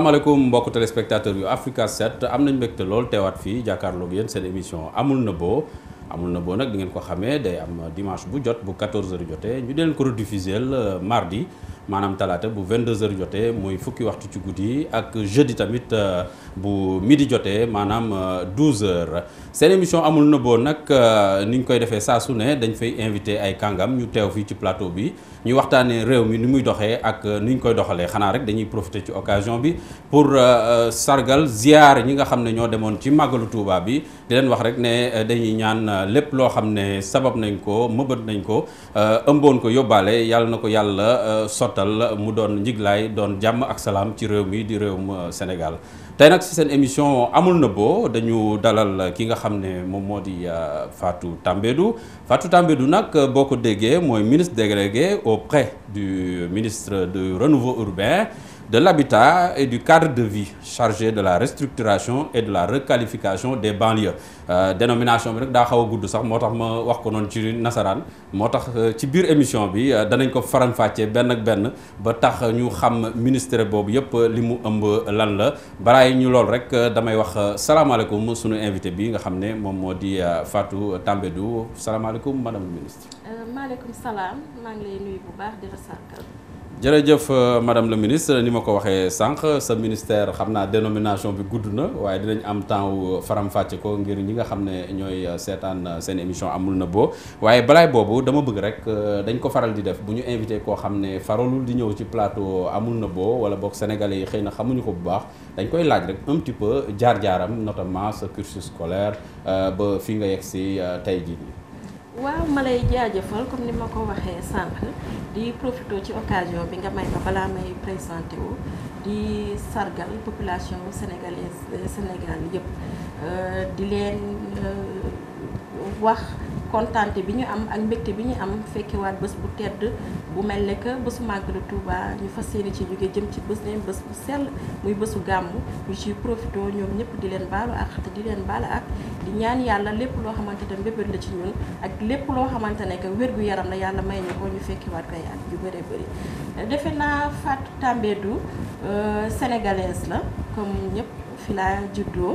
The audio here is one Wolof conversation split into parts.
beaucoup les téléspectateur de Africa 7 émission amul N'Ebo. amul nëbboo n'ak di ko dimanche 14h joté. ñu ko euh, mardi Manam talate bu 22h joté, je fukki waxtu ak jeudi tamit euh, bu midi joté, Manam 12h euh, C'est l'émission amul Nebo, nous ni ñu koy nous avons invité ay plateau ñu waxtaanee réew mi ni muy doxee ak euh, ni ñu koy doxalee xanaa rek dañuy profité ci occasion bi pour euh, euh, sargal ziar ñi nga xam ne ñoo demoon ci màggalu Touba bi di leen wax rek ne dañuy ñaan lépp loo xam ne sabab nañ ko mëbët nañ ko ëmboon ko yóbbaale yàlla na ko yàlla sottal mu doon njiglaay doon jàmm ak salaam ci réew mi di réewum Sénégal. Tainak si émission amul nebo dañu dalal ki nga xamné mom euh, Fatou Tambedou Fatou Tambedou nak euh, un ministre délégué auprès du ministre du renouveau urbain de l'habitat et du cadre de vie chargé de la restructuration et de la requalification des banlieues euh, dénomination bi nag da xaw gudd sax motax ma wax ko non ci nasaran motax euh, ci biir émission bi euh, danañ ko faram-fàccee ben ak ben ba tax ñu xam ministère bobu yépp limu ëmb lan la balaay ñu lool rek damay wax salaamaaleykum sunu invité bi nga xamné mom modi fatou tambedou salam Tambédou madame le ministre. maaleykum salam ma ngi lay nuyu bu baax di la jërëjëf euh, madame le ministre ni ma ko waxee sànq sa ministère xamna dénomination bi gudduna waye waaye dinañ am temps faram-fàcce ko ngir ñi nga xam ñoy sétane euh, seetaan euh, émission amul na bo waye balay bobu dama bëgg rek dañ ko faral di def buñu invité ko xam ne faralul di ñëw ci plateau amul na bo wala bok sénégalais yi xeyna xamuñu ko bu baax dañ koy laaj rek un petit peu jaar-jaaram notamment ce cursus scolaire ba fi nga yegg si tey jii. waaw ma lay jaajëfal comme ni ma ko waxee sànq di profité ci occasion bi nga may ma balaa may présenté wu di sargal population sénégalaise Sénégal yëpp euh, di leen euh, wax. kontante bi ñu am ak mbégte bi ñu am fekkiwaat bés bu tedd bu mel ne que bésu Màggalu Touba ñu fas yéene ci jóge jëm ci bés leen bés bu sell muy bésu gàmmu ñu ciy profité ñoom ñëpp di leen baalu ak di leen baal ak di ñaan yàlla lépp loo xamante ne mbébét la ci ñun ak lépp loo xamante ne que wér gu yaram na yàlla may ñu ko ñu fekkewaat koy at yu bëree bëri defe naa Fatou Tambédou euh, sénégalaise la comme ñëpp fi laa juddoo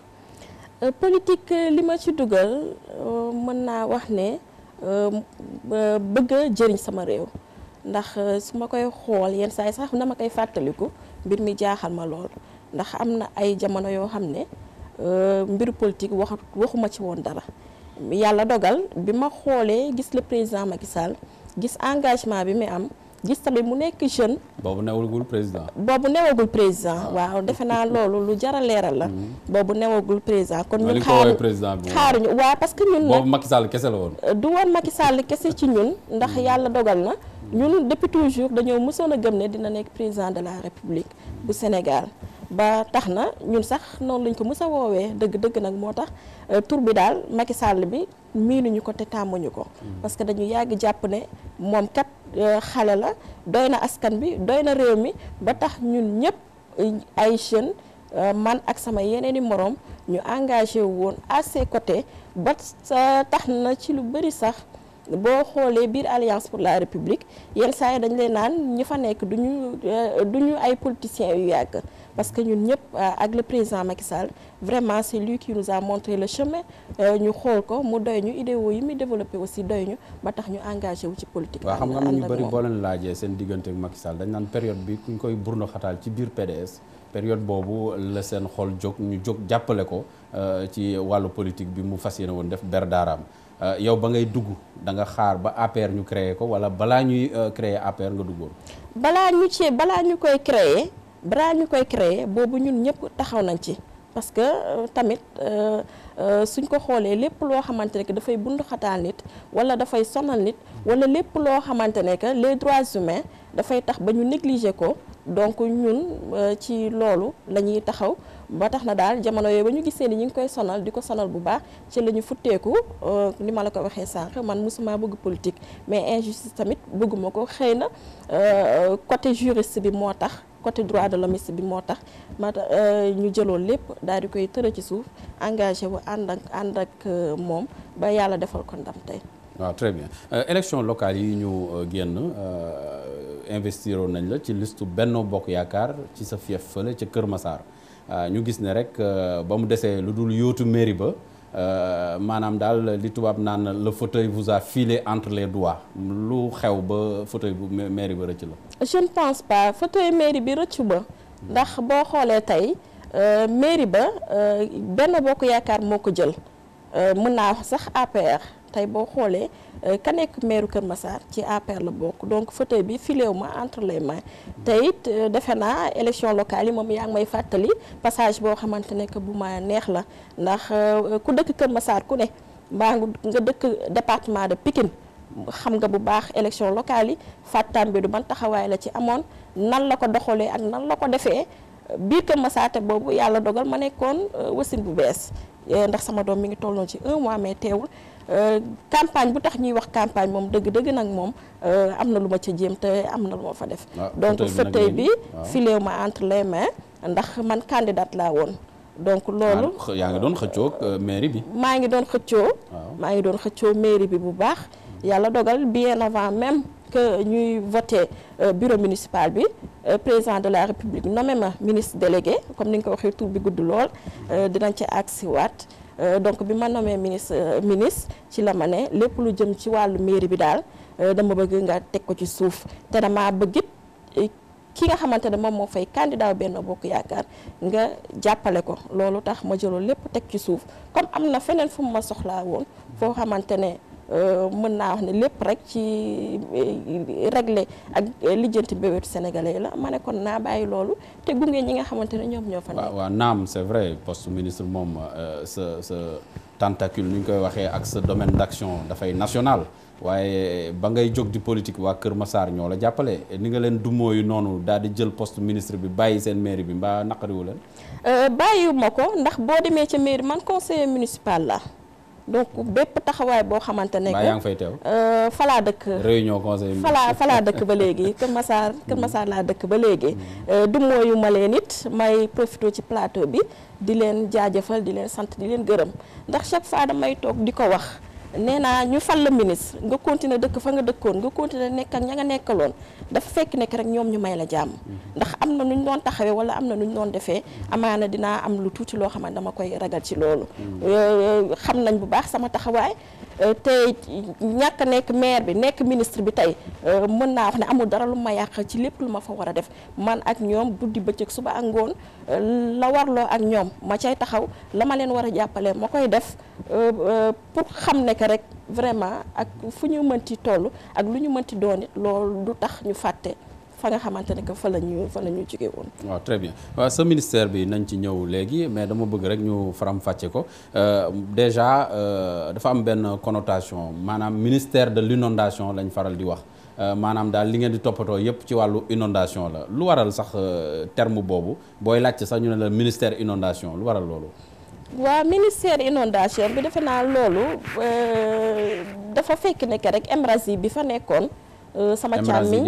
Euh, politique euh, li ma ci dugal euh, mën naa wax ne bëgg a jëriñ sama réew ndax su ma koy xool yenn saa sax na ma koy fàttaliku mbir mi jaaxal ma lool ndax am na ay jamono yoo xam ne mbiru politique wax waxuma ci woon dara yàlla dogal bi ma xoolee gis le président Macky Sall gis engagement bi mu am gis tamit mu nekk jeune. boobu newagul président. boobu newagul président ah. waaw defe naa loolu lu jar a leeral la. Mm-hmm. boobu newagul président kon ñun. xaaru président bi xaaruñu waaw parce que ñun. boobu Macky Sall kese la woon. du woon Macky Sall kese ci ñun ndax mm-hmm. yàlla dogal na mm-hmm. ñun depuis toujours dañoo mësoon a gëm ne dina nekk président de la république bu Sénégal. ba tax na ñun sax noonu lañ ko mës a woowee dëgg-dëgg nag moo tax euh, tur bi daal Macky Sall bi miinuñu ko te tàmmuñu ko. Mm. parce que dañu yàgg jàpp ne moom kat euh, xale la doy na askan bi doy na réew mi ba tax ñun ñëpp euh, ay jeunes man ak sama yeneen i moroom ñu engagé woon à ses côtés ba tax na ci lu bari sax. boo xoolee biir alliance pour la république yenn say dañ leen nan ñu fa nek duñu euh, duñu ay politiciens yu yag parce que ñun ñep euh, ak le président Macky Sall vraiment c'est lui qui nous a montré le chemin euh, ñu xol ko mu doy ñu idéo yu mi développer aussi doy ñu ba tax ñu engagé wu ci politique. waaw xam nga ñu bari bo len laajee sen digënté ak Macky Sall dañ nan période bi kuñ koy burno xataal ci biir PDS. période bobu le sen xol jóg ñu jóg jappalé ko ci walu politique bi mu fassiyé won def berdaram Euh, yow ba ngay dugg da nga xaar ba APR ñu créer ko wala balaa ñuy euh, créer APR nga duggoon. balaa ñu ci balaa ñu koy créer balaa ñu koy créer boobu ñun ñëpp taxaw nañ ci parce que euh, tamit suñ ko xoolee lépp loo xamante ne dafay bund xataal nit wala dafay sonal nit wala lépp loo xamante ne que les droits humains dafay tax ba ñu négliger ko donc ñun ci loolu la ñuy taxaw. ba tax na daal jamono yooyu bañu ñu ni ñu ngi koy sonal diko sonal bu baax ci la ñu euh ni mala ko waxee sax man musuma bëgg politique mais injustice tamit bëgguma ko xëy na euh, côté juriste bi motax côté droit de l'homme bi motax ma euh ñu jëlol lepp dal di koy teure ci suuf engagé wu ànd ak ànd ak euh, moom ba yalla defal ko ndam tay waaw très bien euh, élection locale yi ñu genn euh investiro nañ la ci liste Benno Bokk Yaakaar ci sa fief fële ci keur Massar. Euh, ñu gis né rek euh, ba mu desee lu dul mairie ba euh manam dal li tubaab naan le fauteuil vous a filé entre les doigts lu xew ba fauteuil bu mairie ba rëcc la. je ne pense pas fauteuil mairie bi rëccu ba ndax bo xolé tay euh mairie ba ben bokk yakar moko jël euh mën wax sax APR tay bo xolé euh, ka nek maireu keur Massar ci APR la bokk donc fauteuil bi fileew entre les mains tayit it euh, defe élection locale yi moom yaa ngi may fàttali passage bo xamantene ne que bu ma neex la ndax euh, ku deuk keur Massar ku ne mbaa nga deuk département de Pikine xam nga bu baax élection locale yi fàttaan bi du ban taxaway la ci amone nan la ko doxolé ak nan la ko défé biir keur Massar te boobu yàlla dogal ma nekkoon wasin bu bess ndax sama doom mi ngi tolloon ci 1 mois mais téwul Euh, campagne bu tax ñuy wax campagne moom dëgg-dëgg nag moom euh, am na lu ma ca jéem te am na lu ma fa def ah, donc fauteuil bi fileew ma entre les mains ndax man candidate laa woon donc loolu ah, yaa ngi doon xëccoo euh, mairie bi maa ngi doon xëccoo maa ngi doon xëccoo mairie bi bu baax yàlla dogal bien avant même que ñuy voté bureau municipal bi président de la république nommé ma ministre délégué comme ni nga ko waxee tur bi gudd lool dinañ ci agsi waat Euh, donc bi ma nommé ministre euh, ministre ci la ma ne lépp lu jëm ci wàllu mairie bi daal euh, dama bëgg nga teg ko ci suuf te dama bëggit ki nga xamante ne moom moo fay candidat benn bokk yaakaar nga jàppale ko loolu tax ma jëloo lépp teg ci suuf comme am na feneen fu mu ma soxlaa woon foo xamante ne Euh, mën naa wax ne lépp rek ci euh, régler ak lijjanti mbébétu sénégalais la ma ne kon naa bàyyi loolu te gunge ñi nga xamante ne ñoom ñoo fa nekk. waaw naam c'est vrai post ministre moom euh, sa sa tentacule ni ñu koy waxee ak sa domaine d'action dafay national. waaye ba ngay jóg di politique waa Kër Massar ñoo la jàppale ni nga leen du yu noonu daal di jël post ministre bi bàyyi seen mairie bi mbaa naqariwu leen. bàyyiwu ma ko ndax boo demee ca mairie man conseiller donc bépp taxawaay boo xamante ne que falaa euh, dëkk réunion conseil falaa falaa dëkk ba léegi Kër Massar Kër hmm. Massar laa dëkk ba léegi hmm. euh, du mooyu ma leen it may profité ci plateau bi di leen jaajëfal di leen sant di leen gërëm ndax chaque fois damay toog di ko wax nee naa ñu fal la ministre nga continuer dëkk fa nga dëkkoon nga continuer nekk ak ña nga nekkaloon dafa fekk nekk rek ñoom ñu may la jàmm ndax am na nu ñu doon taxawee wala am na nu ñu doon defee amaana dinaa am lu tuuti loo xam ne dama koy ragal ci loolu euh, xam nañ bu baax sama taxawaay euh, te ñàkk nekk maire bi nekk ministre bi tey euh, mën naa wax ne amul dara lu ma yàq ci lépp lu ma fa war a def man ak ñoom guddi bëccëg suba ak ngoon la warloo ak ñoom ma cay taxaw la ma leen war a jàppale ma koy def pour xam ne rek vraiment ak fuñu ñu mënti toll ak luñu ñu mënti doon loolu du tax ñu fatte fa nga xamantene ne que fa lañu fa lañu ñu won wa très bien wa ce ministère bi nañ ci ñew légui mais dama bëgg rek ñu faram fàcce ko euh déjà euh dafa am ben connotation manam ministère de l'inondation lañ faral di wax. Euh, manam dal li ngeen di topato yépp ci walu inondation la lu waral sax euh, terme bobu boy lacc sax ñu ne la ministère inondation lu waral lolu waa ministère inondation bi defe naa loolu euh, dafa fekk nekk rek Emrasi bi fa nekkoon. Euh, sama càmmiñ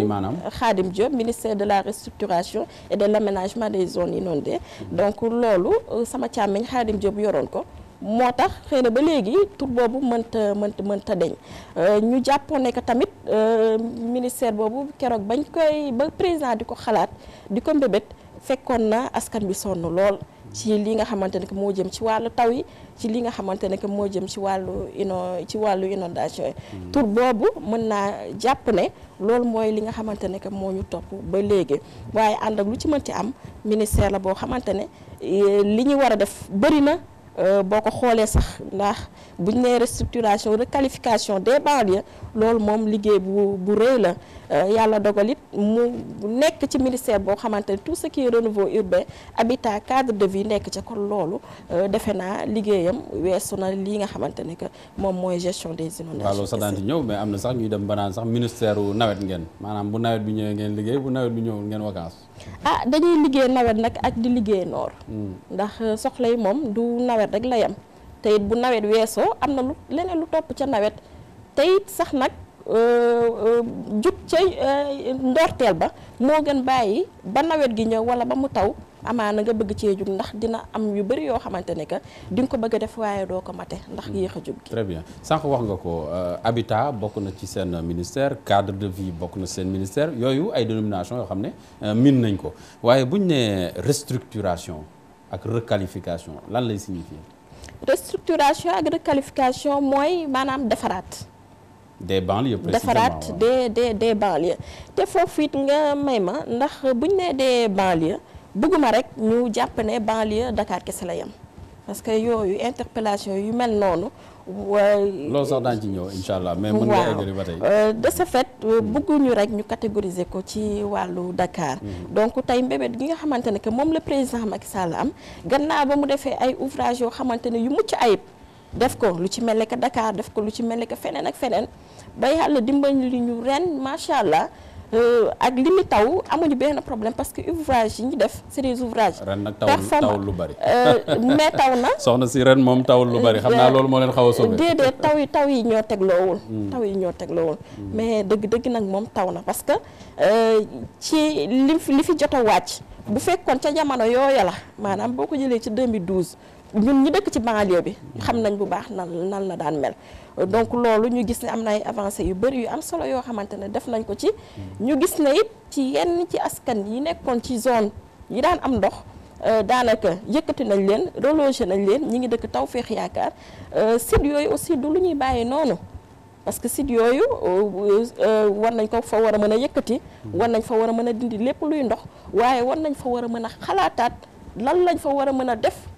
Khadim Diop ministère de la restructuration et de l'aménagement des zones inondées mhm. donc loolu euh, sama càmmiñ Khadim Diop yoroon ko moo tax xëy na ba léegi tur boobu mënta mënta mënta deñ ñu jàppoon ne que tamit ministère boobu keroog bañ koy ba président di ko xalaat di ko mbébét fekkoon na askan bi sonn lool ci li nga xamante ne moo jëm ci wàllu taw yi ci li nga xamante ne que moo jëm ci wàllu ino ci wàllu inondation yi mm. tur boobu mën naa jàpp ne loolu mooy li nga xamante ne que moo ñu topp ba léegi waaye ànd ak lu ci mën ci am ministère la boo xamante ne eh, li ñu war a def bëri na euh, boo ko xoolee sax ndax buñ nee restructuration de des ya loolu moom liggéey bu bu rëy la Euh, yàlla dogal it mu nekk ci ministère boo xamante ne tout ce qui est renouveau urbain habitat cadre de vie nekk ca kon loolu euh, defe naa liggéeyam weesu na lii nga xamante ne que moom mooy gestion des inondations. waaw loolu sax daan ci ñëw mais am na sax ñuy dem ba naan sax ministère nawet ngeen maanaam bu nawet bi ñëwee ngeen liggéey bu nawet bi ñëwul ngeen vacances. ah dañuy liggéey nawet nag ak di liggéey noor. Hmm. ndax euh, soxla yi moom du nawet rek la yem te bu nawet weesoo am na lu leneen lu topp ca nawet Euh, euh, jub ci euh, ndortel ba mo gën bayyi ba nawet gi ñew wala ba mu taw amana nga bëgg ci jug ndax dina am yu bari yo xamantene ka di nga ko bëgg def waye do ko maté ndax mm. yéxa a gi très bien sank wax nga ko habitat bokku na ci sen ministère cadre de vie bokku na sen ministère yoyu ay dénomination yo xamné min nañ ko waye buñ né restructuration ak requalification lan lay signifier restructuration ak requalification moy manam défarat des banlieues précisément defaraat de des des banlieues te foofu it nga may ma ndax bu ñu nee des banlieues bëgguma rek ñu jàpp ne banlieue Dakar kese la yem parce que yooyu interpellation yu mel noonu. loolu sax daan ci ñëw incha allah mais mën nga eggali ba tey euh, de ce fait euh, bëgguñu rek ñu catégoriser ko ci wàllu Dakar. Mhm. donc tey mbébét gi nga xamante ne que moom la président Macky Sall am gannaaw ba mu defee ay ouvrage yoo xamante ne yu mucc ayib. def ko lu ci mel ne que Dakar def ko lu ci mel ne que feneen ak feneen ba yàlla dimbal li ñu ren macha allah euh, ak li mu taw amuñu benn problème parce que ouvrage yi ñu def c'est des ouvrages. ren nag tawul tawul lu bari. Euh, mais taw na. soxna si ren moom tawul lu bari xam naa loolu moo leen xaw a sauvé. déedéet taw yi taw yi ñoo tegloowul. Hmm. taw yi ñoo tegloowul. Hmm. mais dëgg dëgg nag moom taw na parce que euh, ci li fi li fi jot wàcc. bu fekkoon ca jamono yooya la maanaam boo ko jëlee ci 2012. ñun ñi dëkk ci banlieue bi xam nañ bu baax nan nan la daan mel donc loolu ñu gis ne am na ay avancées yu bëri yu am solo yoo xamante ne def nañ ko ci mm. ñu gis ne it ci yenn ci askan yi nekkoon ci zone yi daan am ndox euh, daanaka yëkkati nañ leen relogé nañ leen ñi ngi dëkk Tawfekh Yaakaar euh, sit yooyu aussi du lu ñuy bàyyi noonu parce que sit yooyu euh, war nañ ko fa war a mën a yëkkati mm. war nañ fa war a mën a dindi lépp luy ndox waaye war nañ fa war a mën a xalaataat lan lañ fa war a mën a def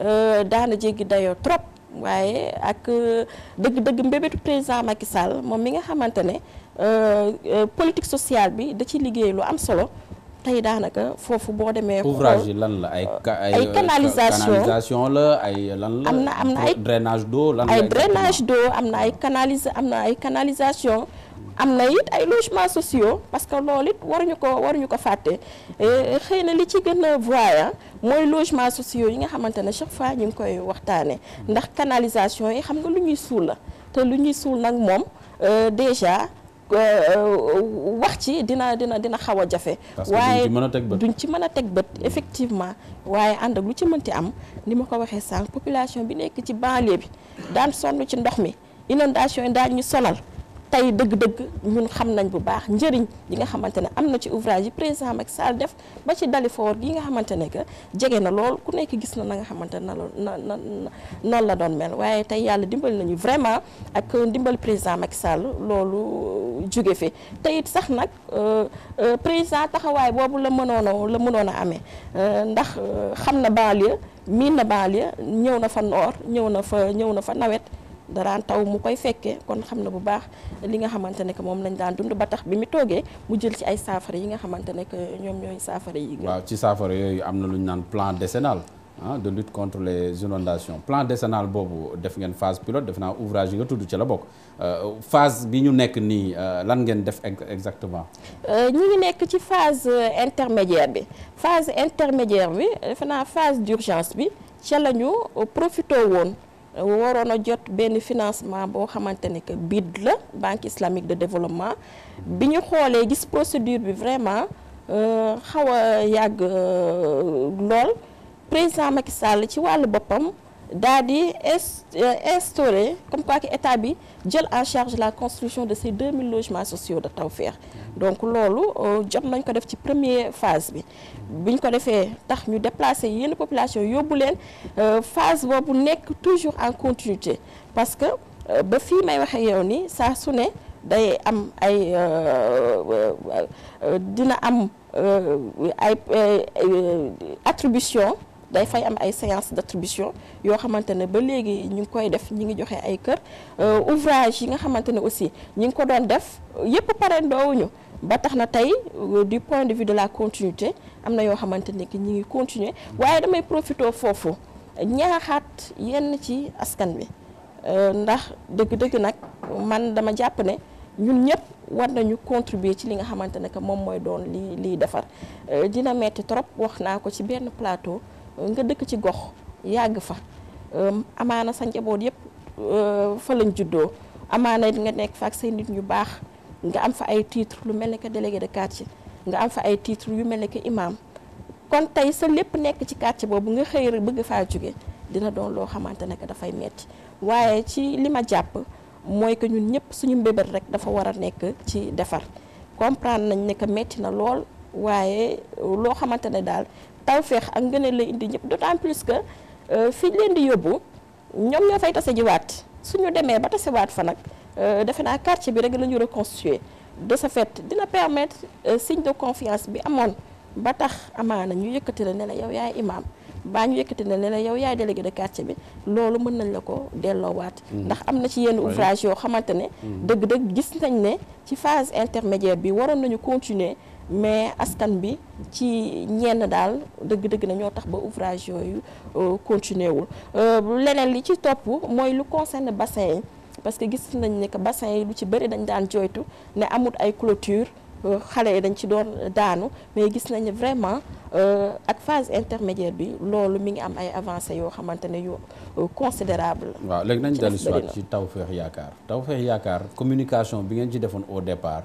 Euh, daana jéggi dayoo trop waaye ak euh, dëgg-dëgg mbébétu président Macky Sall moom mi nga xamante ne euh, politique sociale bi da ci liggéey lu am solo tey daanaka foofu boo demee. ouvrage yi lan la ay. ay canalisation la ay lan la. am na am na ay drainage d'eau ay drainage d'eau am na ay canalise am na ay canalisation. am na it ay logements sociaux parce que loolu it waruñu ko waruñu ko fàtte eh, xëy na li ci gën a voyant mooy logements sociaux yi nga xamante ne chaque fois ñu ngi koy waxtaane ndax canalisation yi xam na lu ñuy suul la te lu ñuy suul nag moom euh, déjà euh, euh, wax ci dina dina dina xaw a jafe. waaye duñ ci mën a teg bët effectivement. waaye ànd ak lu ci mënti am ni ma ko waxee sànq population bi nekk ci banlieue bi daan sonn ci ndox mi inondation yi daan ñu solal tey dëgg-dëgg ñun xam nañ bu baax njëriñ yi nga xamante ne am na ci ouvrage yi président Macky Sall def ba ci dali foor yi nga xamante ne que jege na lool ku nekk gis na na nga xamante ne na na noonu la doon mel waaye tey yàlla dimbali nañu vraiment ak dimbali président Macky Sall loolu jóge fi te it sax nag euh, euh, président taxawaay boobu la mënoonoo la mënoon a amee euh, ndax xam na banlieue miin na baal banlieue ñëw na fa noor ñëw na fa ñëw na fa nawet daraan taw mu koy fekkee kon xamna bu baax li nga xamantene ne que moom lañ daan dund ba tax bi mi toogee mu jël ci ay saafara yi nga xamantene ne que ñoom ñooy saafara yi. waaw ci saafara yooyu amna luñ nane plan décennal ah de lutte contre les inondations plan décennal bobu def ngeen phase pilote def na ouvrage yi nga tudd ci la bokk euh, phase bi ñu nekk nii euh, lan ngeen def exactement. Euh, ñu ngi nekk ci phase intermédiaire bi phase intermédiaire bi def na phase d'urgence bi ci lañu profito won waroon a jot benn financement boo xamante ne que BID la banque islamique de développement bi ñu xoolee gis procédure bi vraiment euh, xaw a yàgg euh, lool président Macky Sall ci wàll boppam. d'instaurer euh, est comme quoi que état bi en charge la construction de ces 2000 logements sociaux de donc nous euh, jot nañ ko def ci première phase Nous avons ko déplacer tax déplacé une population une euh, phase qui est toujours en continuité parce que ba fii may fait, yow ni ça a ne am ay dina am ay attribution day fay am ay séance d'attribution yoo xamante ne ba léegi ñu ngi koy def ñu ngi joxe ay kër euh, ouvrage yi nga xamante ne aussi ñu ngi ko doon def yëpp pare ndoowuñu ba tax na tey euh, du point de vue de la continuité am na yoo xamante ne que ñu ngi continuer waaye damay profité foofu ñaaxaat yenn ci askan wi euh, ndax dëgg-dëgg nag man dama jàpp ne ñun ñëpp war nañu contribuer ci li nga xamante ne que moom mooy doon li liy defar dina metti trop wax naa ko ci benn plateau nga dëkk ci gox yàgg fa amaana sa njaboot yëpp euh, fa lañ juddoo amaana it nga nekk fa ak say nit ñu baax nga am fa ay titre lu mel ni que délégué de quartier nga am fa ay titre yu mel ne que imam kon tey sa lépp nekk ci quartier boobu nga xëy rek bëgg faa jóge dina doon loo xamante ne que dafay metti waaye ci li ma jàpp mooy que ñun ñëpp suñu mbébét rek dafa war a nekk ci defar comprendre nañ ne que metti na lool waaye loo xamante ne daal tawféex ak ngëneel la indi ñep d'autant plus que euh, fi ñu leen di yobbu ñom ñoo fay tassé ji waat suñu démé ba tassé waat fa nak euh défé na quartier bi rek la ñu reconstituer de ce fait dina permettre euh, signe de confiance bi amone ba tax amana ñu yëkëti la ne yow yaay imam baa ñu yëkkati la ne yow yaay délégué de quartier bi loolu mën nañ la ko délo delloowaat. Mm-hmm. ndax am na ci yeen ouvrage yo xamantene ne. deug mm-hmm. dëgg gis nañ ne ci phase intermédiaire bi waroon nañu continuer mais askan bi ci ñenn dal deug deug na tax ba ouvrage yoyu euh, continuer wul euh, leneen li ci top moy lu concerne bassin parce que gis nañ ne que bassin lu ci bari dañ daan joytu ne amul ay clôture euh, xalé dañ ci doon daanu mais gis nañ vraiment euh ak phase intermédiaire bi lolu mi ngi am ay avancées yo xamantene ne yu considérable wa léegi nañ dellu si ci Tawfekh Yaakaar Tawfekh Yaakaar communication bi ngeen ci defone au départ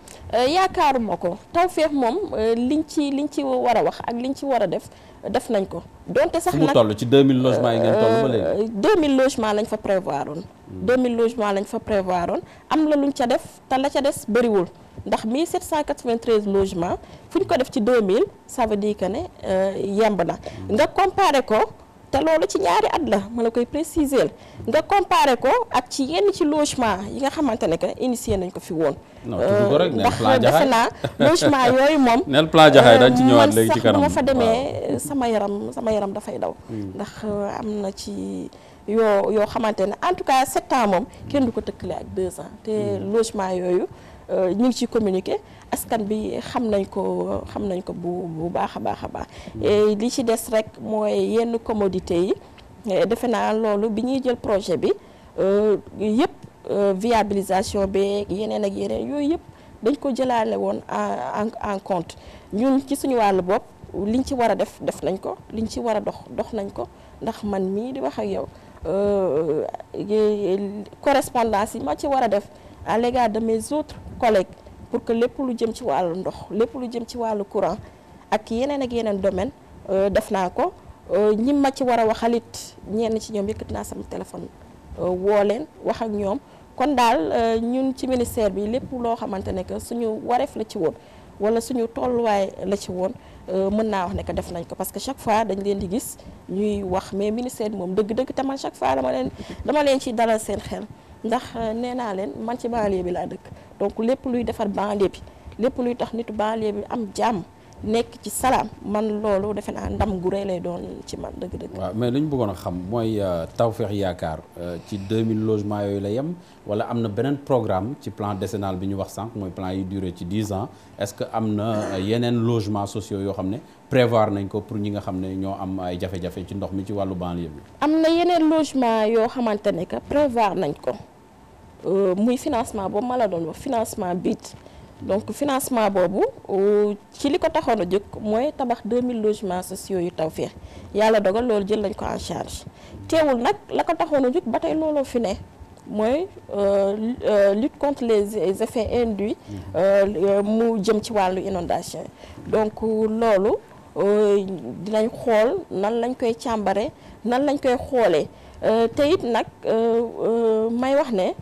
Euh, yaakaaruma ko tawféex moom euh, liñ ci liñ ci war a wax ak li ñu ci war a def def nañ ko donte sax nag toll ci 2000 logements yi ngeen toll ba léegi 2000 lañ fa prévoir oon 2000 logements lañ fa prévoir oon hmm. am la ñu ca def te la ca des bëriwul ndax cent 1793 logements fu ñu ko def ci 2000 ça veut dire que ne euh, yemb na hmm. nga comparé ko te loolu ci ñaari at la ma la koy préciser nga comparer ko ak ci yenn ci logement yi nga xamante ne que initié nañ ko fi woon. Euh, ndax defe naa logement yooyu moom. neel plan jaxaay dañ ci euh, ñëwaat léegi ci kanam man sax sama yaram sama yaram dafay daw. Hmm. ndax euh, am na ci. yoo yoo xamante ne en tout cas sept moom kenn du ko tëkkale ak deux ans te hmm. logement yooyu Euh, ñu ngi ciy communiquer askan bi xam nañ ko xam nañ ko bu bu baax a baax a baax. Mm. li ci des rek mooy yenn commodité yi defe naa loolu bi ñuy jël projet bi euh, yëpp euh, viabilisation beeg yeneen ak yeneen yooyu yëpp dañ ko jëlaale woon en en compte ñun ci suñu wàllu bopp liñ ci war a def def nañ ko liñ ci war a dox dox nañ ko ndax man mii di wax ak yow correspondance yi ma ci war a def. à l'égard de mes autres collègues pour que lépp lu jëm ci wàllu ndox lépp lu jëm ci wàllu courant ak yeneen ak yeneen domaine euh, def naa ko euh, ñi ma ci war a waxalit ñenn ci ñoom yëkkat naa sama téléphone euh, woo leen wax ak ñoom kon daal ñun ci ministère bi lépp loo xamante ne que suñu wareef la ci woon wala suñu tolluwaay la ci woon mën naa wax ne que def nañ ko parce que chaque fois dañ leen di gis ñuy wax mais ministère bi moom dëgg-dëgg tamit chaque fois dama leen dama leen ci dalal seen xel ndax euh, nee naa man ci banlieue bi la dëkk donc lépp luy defar banlieue bi lépp luy tax nitu banlieue bi am jàmm nekk ci salam man loolu defe naa ndam gu rëy lay doon ci man dëgg-dëgg. waaw mais li ñu bëggoon a xam mooy euh, Tawfekh Yaakaar euh, ci 2000 logements yooyu la yem wala am na beneen programme ci plan décennal bi ñu wax sànq mooy plan yi duré ci 10 ans est-ce que am na yeneen logements sociaux yoo xam ne prévoir nañ ko pour ñi nga xam ne ñoo am ay jafe-jafe ci ndox mi ci wàllu banlieue bi. am na yeneen logement yoo xamante ne que prévoir nañ ko. Euh, muy financement boobu mal la doon financement BIT donc financement bobu euh, ci liko ko taxoon moy tabax 2000 logements sociaux yu Tawfekh yalla dogal loolu jël lañ ko en charge teewul nak la ko taxoon batay jóg ba tey looloo fi euh, lutte contre les effets induits mu jëm ci walu inondation donc loolu dinañ xol nan lañ koy chambaré nan lañ koy euh te nak euh may wax ne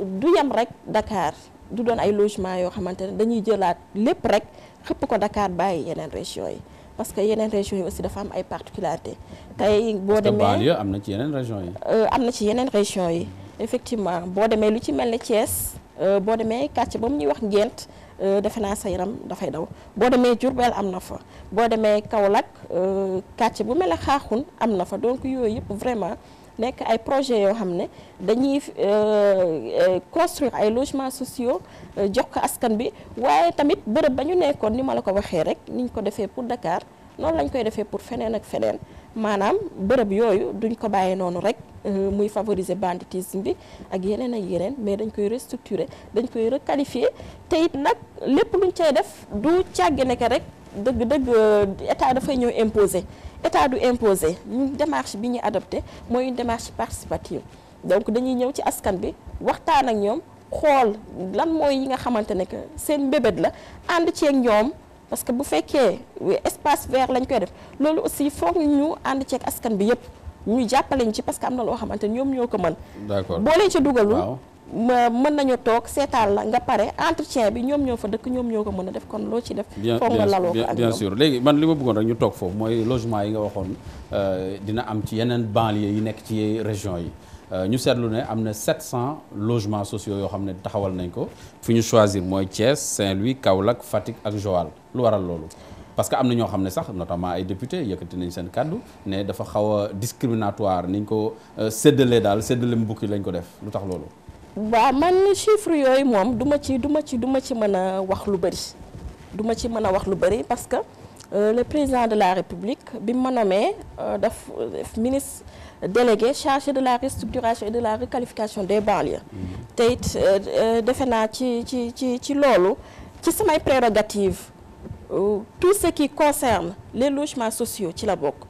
du yem rek dakaar du doon ay logement yoo xamante ne dañuy jëlaat lépp rek xëpp ko dakaar bàyyi yeneen région yi parce que yeneen région yi aussi dafa am ay particularités tey boo demee banlieue am na ci yeneen région yi euh, am na ci yeneen région yi effectivement boo demee lu ci mel ne Thiès euh, boo demee quartier ba mu ñuy wax Ngent euh, defe naa sa yaram dafay daw boo demee Diourbel am na fa boo demee Kaolack quartier bu mel ne Xaaxun am na fa donc yooyu yëpp vraiment nekk ay projets yoo xam ne dañuy euh, euh, construire ay logements sociaux euh, jox ko askan bi waaye tamit bërëb ba ñu nekkoon ni ma la ko waxee rek niñ ko defee pour Dakar noonu lañ koy defee pour feneen ak feneen maanaam bërëb yooyu duñ ko bàyyee noonu rek muy favoriser banditisme bi ak yeneen ak yeneen mais dañ koy restructurer dañ koy requalifier te it nag lépp luñ cay def du càggane que rek dëgg-dëgg état dafay ñëw imposer état du imposé une démarche bi ñi adopté moy une démarche participative donc dañuy ñëw ci askan bi waxtaan ak ñom xol lan moy yi nga xamantene que seen mbébét la and ci ak ñom parce que bu féké espace vert lañ koy def lolu aussi foog ñu and ci ak askan bi yépp ñu jàppale ci parce que am na loo xamante ñoom ñoo d'accord boo leen ci dugalul mën nañu toog seetaan la nga pare entretien bi ñoom ñoo fa dëkk ñoom ñoo ko mën a def kon loo ci def. foog nga laloo ko bien sûr léegi man li ma bëggoon rek ñu toog foofu mooy logement yi nga waxoon euh, dina am ci yeneen banlieue yi nekk ci région yi. Euh, ñu seetlu ne am na 700 logements sociaux yoo xam ne taxawal nañ ko fi ñu choisir mooy Thiès Saint-Louis Kaolack Fatick ak Joal lu waral loolu. parce que am na ñoo xam ne sax notamment ay députés yëkkati nañ seen kàddu ne dafa xaw a discriminatoire niñ ko euh, séddalee daal séddale mbukki lañ ko def lu tax loolu waaw man chiffre yooyu moom du ma ci du ma ci du ma ci mën wax lu bëri du ci mën wax lu parce que euh, le président de la république bi ma nommé euh, daf ministre délégué chargé de la restructuration et de la requalification des banlieues mm-hmm. te it euh, defe naa ci ci ci ci ci samay prérogatives tout ce qui concerne les logements sociaux c'est la bokk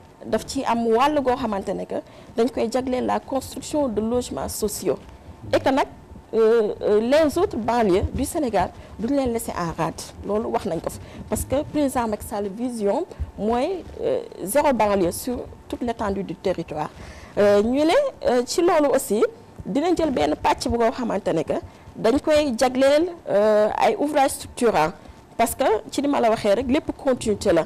daf ci am walu go xamante que dañ koy la construction de logements sociaux et que nag euh, euh, les autres banlieues du Sénégal duñ leen laisser en rade loolu wax nañ ko parce que président Macky Sall vision moy euh, zéro banlieue sur toute l'étendue du territoire ñu lé ci loolu aussi dina jël ben patch bu nga xamante ne que dañ koy jagleel ay ouvrages structurants parce que ci li mala waxé rek lépp continuité la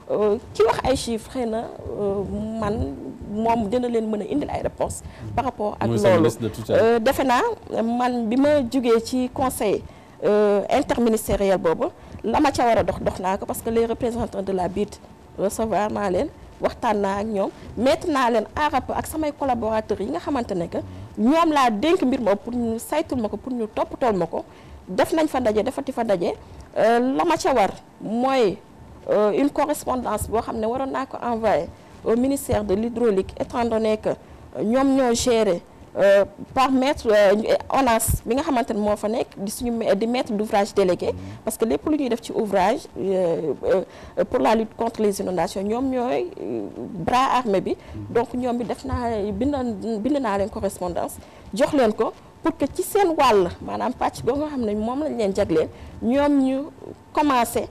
ki wax ay chiffres xëy na euh, man moom dina leen mën a indil ay réponses par rapport ak loolu euh, defe naa man bi ma jugee ci conseil euh, interministériel boobu la ma ca war a dox dox naa ko parce que les représentants de la BID recevoir naa leen waxtaan naa ak ñoom mettre naa leen en ak samay collaborateurs yi nga xamante ne que ñoom laa dénk mbir ma pour ñu saytul ma ko pour ñu toppatool ma ko def nañ fa ndaje defati fa ndaje la ma ca war mooy Euh, une correspondance que a au ministère de l'hydraulique étant donné que nous avons géré par maître euh, ONAS bi nga maître d'ouvrage délégué parce que les lu ñuy def ci euh, pour la lutte contre les inondations nous ñooy bras armé donc nous avons def une correspondance jox pour que ci gens qui maanaam pàcc boo nga commencé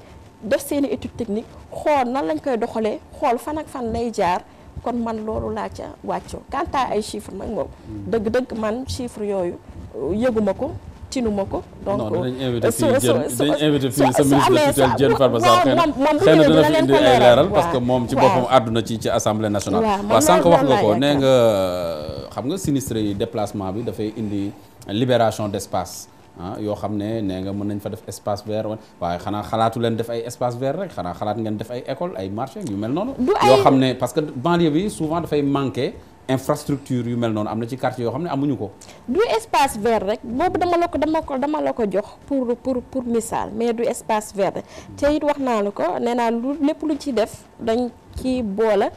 def seen i étude technique xool nan lañ koy doxalee xool fan ak fan lay jaar kon man loolu laa ca wàccoo quant ay chiffres nag moom. Hmm. dëgg-dëgg man chiffres yooyu euh, yëguma ko tinuma ko. donc euh, su su su invité fii sa ministre de tutelle Diène Farba Sarr xëy na xëy na dana fi indi ay leeral parce que moom ci boppam àdduna ci ci assemblée nationale. waaw sànq wax nga ko nee nga euh, xam nga sinistre yi déplacement bi dafay indi libération d' espace. ah yoo xam ne nee nga mën nañ fa def espace vert waaye xanaa xalaatu def ay espace vert rek xanaa xalaat ngeen def ay école ay marché yu mel noonu yoo xam ne parce que banlieue bi dama la ko dama ko dama la ko jox pour pour pour mais du espace vert rek te wax naa la ko nee lu lépp lu ci def dañ ci boola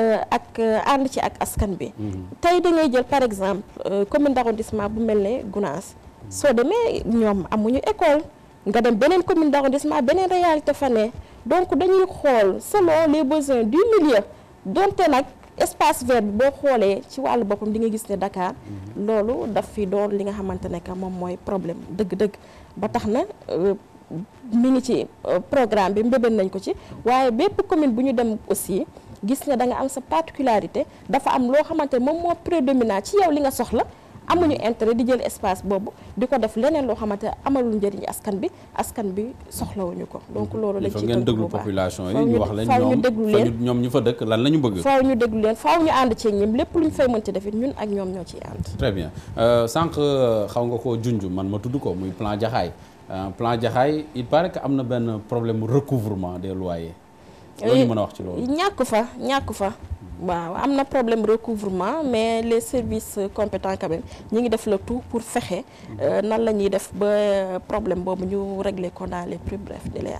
euh, ak euh, ànd ci ak askan bi mm-hmm. tey da jël par exemple euh, commune d'arrondissement bu mel ne Gounass soo demee ñoom amuñu école nga dem beneen commune d'arrondissement beneen réalité fa ne donc dañuy xool selon les besoins du milieu donte nag espace vert bi boo xoolee ci wàllu boppam di nga gis ne dakaar mhm. loolu daf fi doon li nga xamante ne que moom mooy problème dëgg-dëgg ba tax na euh, mi ngi ci euh, programme bi mbébén nañ ko ci waaye bépp commune bu ñu dem aussi gis ne da nga am sa particularité dafa am loo xamante ne moom moo prédominant ci yow li nga soxla amuñu intérêt di jël espace boobu di ko def leneen loo xamante amalul njëriñ askan bi askan bi soxlawuñu ko donc loolu lañ ci déglu population yi wax leen faaw ñoom ñu fa dëkk lan la ñu bëgg faaw ñu déglu leen faaw ñu ànd ci ñoom lépp lu ñu fay mënti defit ñun ak ñoom ñoo ciy ànd très bien euh, sànq xaw nga koo junj man ma tudd ko muy plan jaxaay euh, plan jaxaay il paraît que am na benn problème recouvrement des loyers loolu euh, mën a wax ci loolu ñàkk fa ñàkk fa waaw amna problème recouvrement mais les services compétents quand même ñu ngi def le tout pour faire mhm. euh, nan lañuy def ba problème bobu ñu régler ko dans les plus brefs délais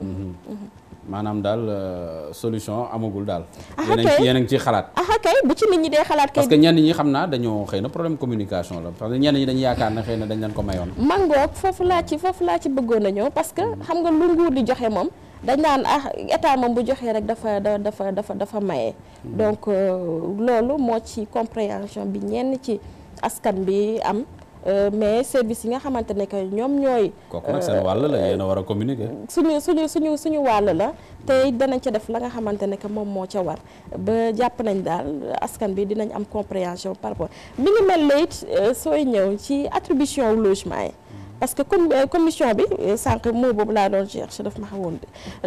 mhm. mhm. manam dal euh, solution amagul dal ah, yéen a ngi ciy xalaat. ah kay bu ci nit ñi dee xalat parce que ñenn ñi xamna naa dañoo xëy problème communication la parce que ñenn ñi dañu yaakaar na xeyna na dañ leen ko mayoon. mangoog fofu la ci fofu la ci bëggo a parce que xam nga lu nguur di joxe mom dañ naan ah état moom bu joxee rek dafa dafa dafa dafa maye. Hmm. donc euh, loolu moo ci compréhension bi ñenn ci askan bi am. Euh, mais service yi nga xamante ne que ñoom ñooy. kooku euh, war a communiquer. suñu suñu suñu suñu wàll la te danañ ca def la nga xamante ne que moom moo ca war ba jàpp nañ daal askan bi dinañ am compréhension par rapport mi ngi mel ne it euh, sooy ñëw ci attribution logement yi. parce que comme euh, commission bi euh, sànq moo boobu laa doon cherche daf ma xawoon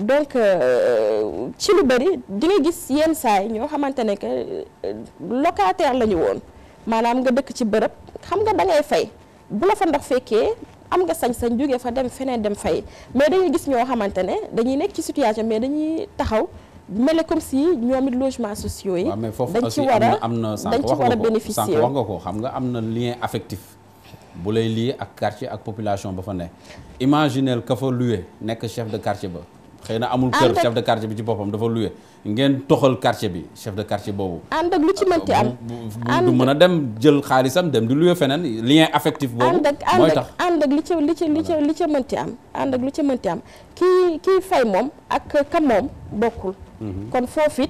donc euh, ci lu bëri di gis yenn saa yi ñoo xamante ne que locataire la ñu woon maanaam nga dëkk ci bërëb xam nga da ngay fay bu la fa ndox fekkee am nga sañ-sañ jóge fa dem feneen dem fay mais dañuy gis ñoo xamante ne dañuy nekk ci situation mais dañuy taxaw. mel comme si ñoom it logement sociaux yi. dañ ci war a bénéficier foofu aussi am na sànq wax nga wax nga ko xam nga am na lien affectif. bu li quartier ak population ba fa ne imaginer ka fa chef de quartier ba xeyna amul chef de quartier bi ci boppam dafa louer ngeen toxal quartier bi chef de quartier bobu and ak lu ci am du meuna dem jël xaalisam dem di louer fenen lien affectif ak li ci li ci li ci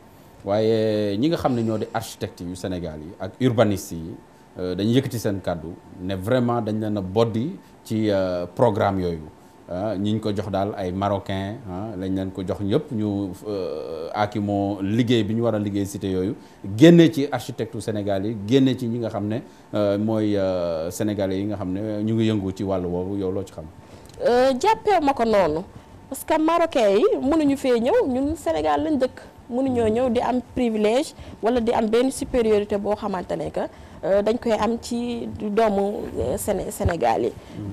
waaye ñi nga xam ne ñoo di architecte yu Sénégal yi ak urbaniste yi euh, dañu yëkkati seen kàddu ne vraiment dañ leen a boddi ci euh, programme yooyu ah, ñi ñu ko jox daal ay marocain ah, lañ leen ko jox ñëpp ñu aki euh, akimoo liggéey bi ñu war a liggéey cité yooyu génne ci architecte Sénégal yi génne ci ñi nga xam ne mooy sénégalais yi nga xam ne ñu ngi yëngu ci wàllu woowu yow loo ci xam. jàppee ma ko noonu parce que marocain yi mënuñu fee ñëw ñun Sénégal lañ dëkk. mënuñoo ñëw di am privilège wala di am benn supériorité boo xamante ne que euh, dañ koy am ci doomu euh, Sénégal yi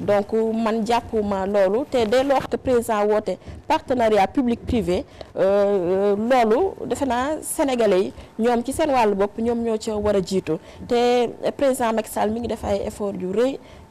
donc man jàppuma loolu te dès lors que président woote partenariat public privé euh, loolu defe naa sénégalais yi ñoom ci seen wàllu bopp ñoom ñoo ci war a jiitu te président Macky Sall mi ngi def ay effort yu rëy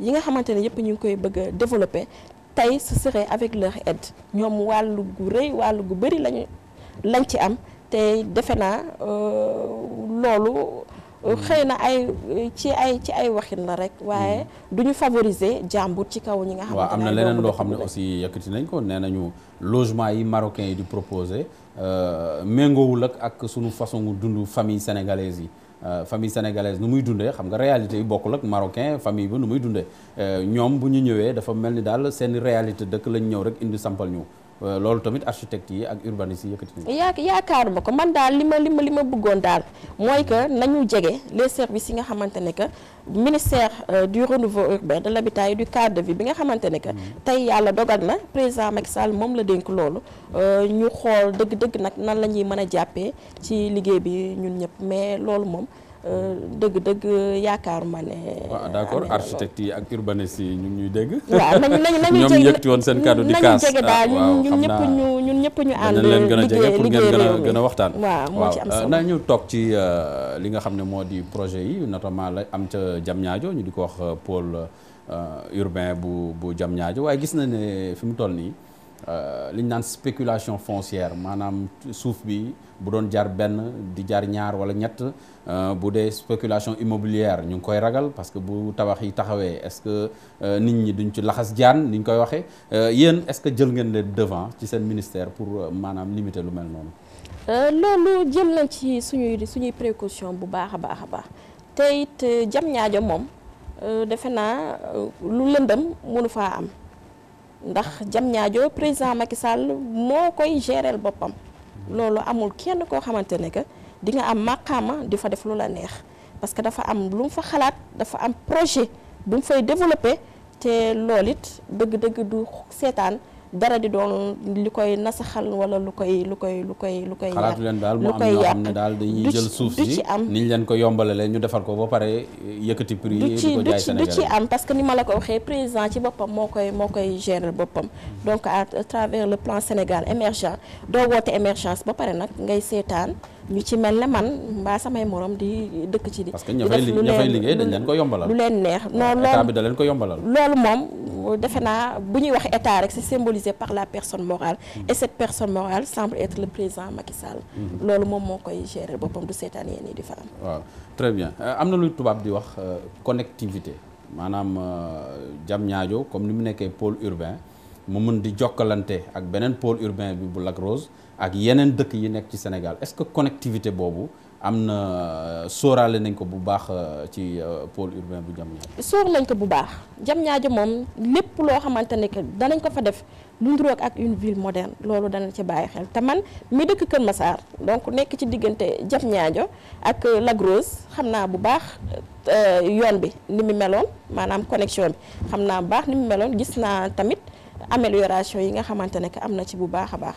yi nga xamante ne ñu ngi koy bëgg a développer tey ce serait avec leur aide ñom walu gu reuy walu gu bari lañu lañ ci am té défé euh, euh, mm. na euh lolu xeyna ay ci ay ci ay waxin la rek wayé mm. duñu favoriser jàmbur ci kaw ñi nga xamante ne waaw am na leneen loo xam aussi yëkkati nañ ko nee nañu logement yi marocain yi di proposer euh, méngoowul ak ak suñu façon dundu famille sénégalaise yi Euh, famille sénégalaise nu muy dundee xam nga réalité yi bokkul ak marocain famille ba nu muy dundee euh, ñoom bu ñu ñëwee dafa mel ni daal seen réalité dëkk lañ ñëw rek indi sampal ñu Euh, loolu tamit architecte yi ak urbaniste yi yëkkati nañu. yaa yaakaaruma ko man daal li ma li ma bëggoon daal mooy que nañu jege les services yi nga xamante ne que ministère euh, du renouveau urbain de l'habitat et du cadre de vie bi nga xamante ne que. Mm-hmm. tey yàlla dogal na président Macky Sall moom la dénk loolu. Euh, ñu xool dëgg-dëgg nag nan la ñuy mën a jàppee ci liggéey bi ñun ñëpp mais loolu moom. Euh, dëgg-dëgg yaakaaruma ne. waaw d'accord architecte yi ak urbaniste yi ñu ngi ñuy dégg. waaw nañu nañu ñoom yëkkati woon seen kàddu di kaas nañu jege daal ah, ñu ñu ànd. liggéey liggéey réew mi leen gën a jege pour gën a waxtaan. waaw moo ci am solo waaw euh, ñu toog ci euh, li nga xam ne moo di projet yi notamment la am ca jam ñaajo ñu di ko wax pôle urbain bu bu Diamniadio waaye gis na ne fi mu toll nii. li ñu naan spéculation foncière maanaam suuf bi bu doon jar benn di jaar ñaar wala ñett Euh, bu dee spéculation immobilière ñu koy ragal parce que bu tabax yi taxawee est-ce que euh, nit ñi duñ ci laxas jaan ñu koy waxee euh, yeen est-ce que jël ngeen devant ci sen ministère pour manam limiter lu mel non. lolu jël nañ ci suñuy suñuy précaution bu baaxa baaxa baax a baax te it jam ñaajo moom defe lu lëndëm mënu fa am ndax jam ñaajo président Macky Sall moo koy géreel bopam lolu amul kenn ko xamante que di nga am makama di fa def lu la neex parce que dafa am lu mu fa xalat dafa am projet bu fay développer té lolit it dëgg du sétane dara di doon likoy nasaxal wala lu koy lu koy xalat len dal mo am ñoo xam dal dañuy jël suuf si niñ len ko yombalalee ñu defar ko bo paré yëkëti prix du ci du ci am parce que ni ma ko waxee président ci bopam moo koy moo koy gérer boppam donc à travers le plan Sénégal émergent do woote émergence bo paré nak ngay sétane ñu ci mel man mbaa samay morom di dëkk ci di. parce que ña fay liggéey dañ leen ko yombalal. lu leen neex non loolu état da leen ko yombalal. loolu mom, defe naa bu ñuy wax état rek c'est symbolisé par la personne morale. Mm-hmm. et cette personne morale semble être le président Macky Sall. Mm-hmm. loolu mom moo koy gérer boppam du seetaan yéen di fa waaw très bien euh, am na lu tubaab di wax euh, connectivité Manam Diamniadio euh, comme ni mu nekkee pôle urbain mu mën di jokkalante ak benen pôle urbain bi bu Lac Rose. ak yeneen dëkk yi nekk ci Sénégal est-ce que connectivité boobu am na euh, sóoraale nañ ko bu baax euh, ci euh, pôle urbain bu Diamniadio sóor nañ ko bu baax ñaajo moom lépp loo xamante ne que danañ ko fa def lu nduroog ak une ville moderne loolu danañ ci bàyyi xel te man mi dëkk Kër Massar donc nekk ci diggante ñaajo ak Lac xam naa bu baax yoon bi ni mu meloon maanaam connexion bi xam naa bu baax ni mu meloon gis naa tamit amélioration yi nga xamante ne que am na ci bu baax a baax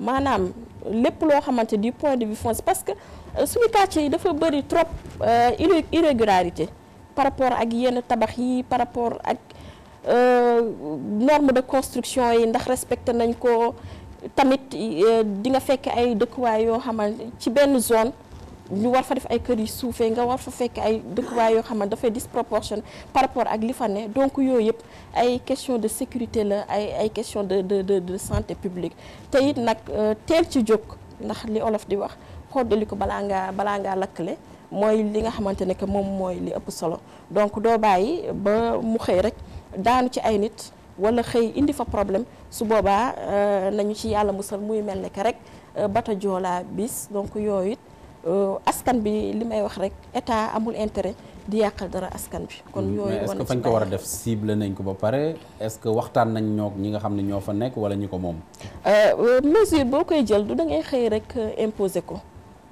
maanaam lépp loo xamante du point de vue foncier parce que euh, suñu quartier yi dafa bëri trop euh, irrégularité par rapport ak yenn tabax yi par rapport ak euh, norme de construction yi ndax respecté nañ ko tamit di nga fekk ay dëkkuwaay yoo xamante ci benn zone ñu war fa def ay kër yu suufee nga war fa fekk ay dëkkuwaay yoo xam ne dafay disproportionné par rapport ak li fa ne donc yooyu yëpp ay question de sécurité la ay ay question de de de de santé publique te it nag euh, teel ci jóg ndax li olof di wax xoddali ko balaa ngaa balaa ngaa mooy li nga xamante ne que moom mooy li ëpp solo donc doo bàyyi ba mu xëy rek daanu ci ay nit wala xëy indi fa problème su boobaa euh, nañu ci yàlla musal muy mel ne que rek euh, bata joolaa bis donc yooyu Euh, askan bi li may wax rek état amul intérêt di yàqal dara askan bi. kon mm, yooyu est-ce fañ ko war a def cible nañ ko ba pare est que waxtaan nañ ñoo ñi nga xam ne ñoo fa nekk wala ñi ko moom. Euh, euh, mesure boo koy jël du da ngay xëy rek imposer ko.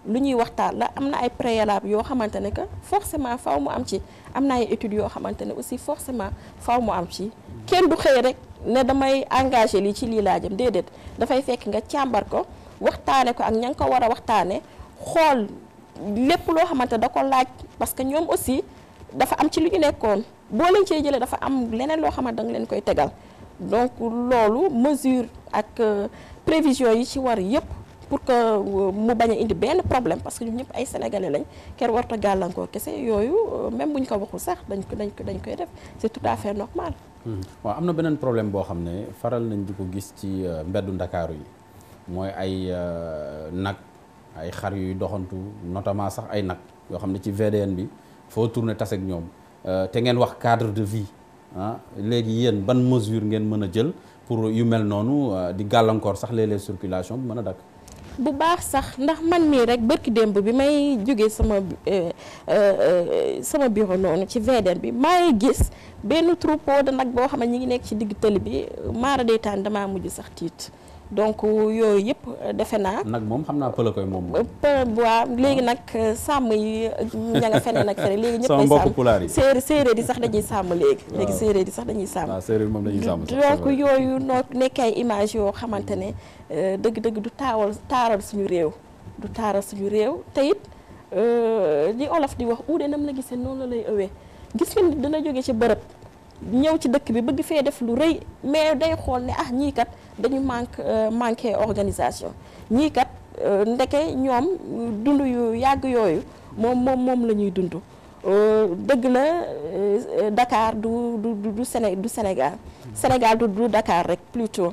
lu ñuy waxtaan la am na ay préalable yoo xamante ne que forcément faw mu am ci am na ay études yoo xamante ne aussi forcément faw mu am ci kenn du xëy rek ne damay engagé lii ci lii laa jëm déedéet dafay fekk nga càmbar ko waxtaane ko ak ña nga ko war a waxtaane xool lépp loo xamante da ko laaj parce que ñoom aussi dafa am ci lu ñu nekkoon boo leen cee jëlee dafa am leneen loo xamante da nga leen koy tegal donc loolu mesure ak euh, prévision yi ci war yëpp pour que euh, mu bañ indi benn problème parce que ñun ñëpp ay sénégalais lañ kenn warta gàllankoor kese yooyu euh, même bu ñu ko waxul sax dañ ko dañ dañ koy def c'est tout à fait normal. Hmm. waaw am na beneen problème boo xam ne faral nañ di ko gis ci mbeddu ndakaaru yi mooy ay nag. ay xar yuy doxantu notamment sax ay nag yoo xam ne ci VDN bi foo tourné tase ak ñoom euh, te ngeen wax cadre de vie ah léegi yéen ban mesure ngeen mën a jël pour yu mel noonu euh, di gàllankoor sax léeg-léeg circulation bi mën a dakk bu baax sax ndax man mii rek bërki démb bi may jóge sama euh, sama bureau noonu ci VDN bi may gis benn troupeau de nag boo xam ne ñu ngi nekk ci diggu tëli bi maara deytaan damaa mujj sax tiit donc euh, yooyu yëpp euh, defe naa. nag moom xam naa pël koy moom. pël waa léegi nag euh, sàmm yi ña nga feneen ak feneen léegi. ñëpp ay sàmm séeréer séeréer sax dañuy sàmm léegi. léegi séeréer yi sax dañuy sàmm. waaw séeréer moom dañuy sàmm donc yooyu noo nekkee ay image yoo xamante ne dëgg-dëgg du taawal taaral suñu réew. du taaral suñu réew te it li olof di wax uude nam la gisee noonu la lay ëwee gis nga dina jóge ci bërëb. ñëw ci dëkk bi bëgg fee def lu rëy mais day xool ni ah ñii kat dañu manque euh, manqué organisation ñii kat euh, ndeke ñoom dund yu yàgg yooyu moom moom moom la ñuy dund euh, dëgg la Dakar du du du du Sénégal hmm. Sénégal du dakaar rek plutôt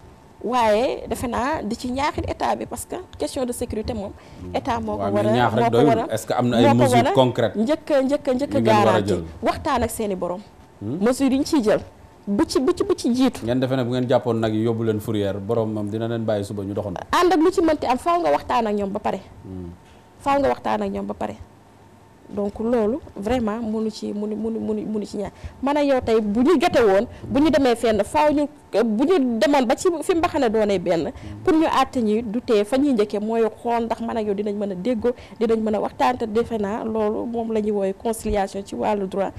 waaye defe naa di ci ñaaxit état bi parce que question de sécurité moom. Hmm. état moo ko war a ñaax rek doyul est-ce que am na ay mesures concrètes njëkk a njëkk a njëkk a garanti waxtaan i hmm? ñu ciy jël. bu ci bu ci bu ci jiitu. ngeen defe ne bu ngeen jàppoon nag yóbbu leen fourrière borom moom dina leen bàyyi suba ñu doxoon. ànd ak lu ci mënti am faaw nga waxtaan ak ñoom ba pare. Hmm. faaw nga waxtaan ak ñoom ba pare. donc loolu vraiment munu ci munu munu munu munu ci ñaar man a yow tey bu ñu jotee woon bu ñu demee fenn faaw ñu bu ñu demoon ba ci fi mbaxane doonee benn pour ñu àtte ñi du tee fa ñuy njëkkee mooy xool ndax mana ak yow dinañ mën a déggoo dinañ mën a waxtaan defe naa loolu moom la ñuy woowee conciliation ci wàllu droit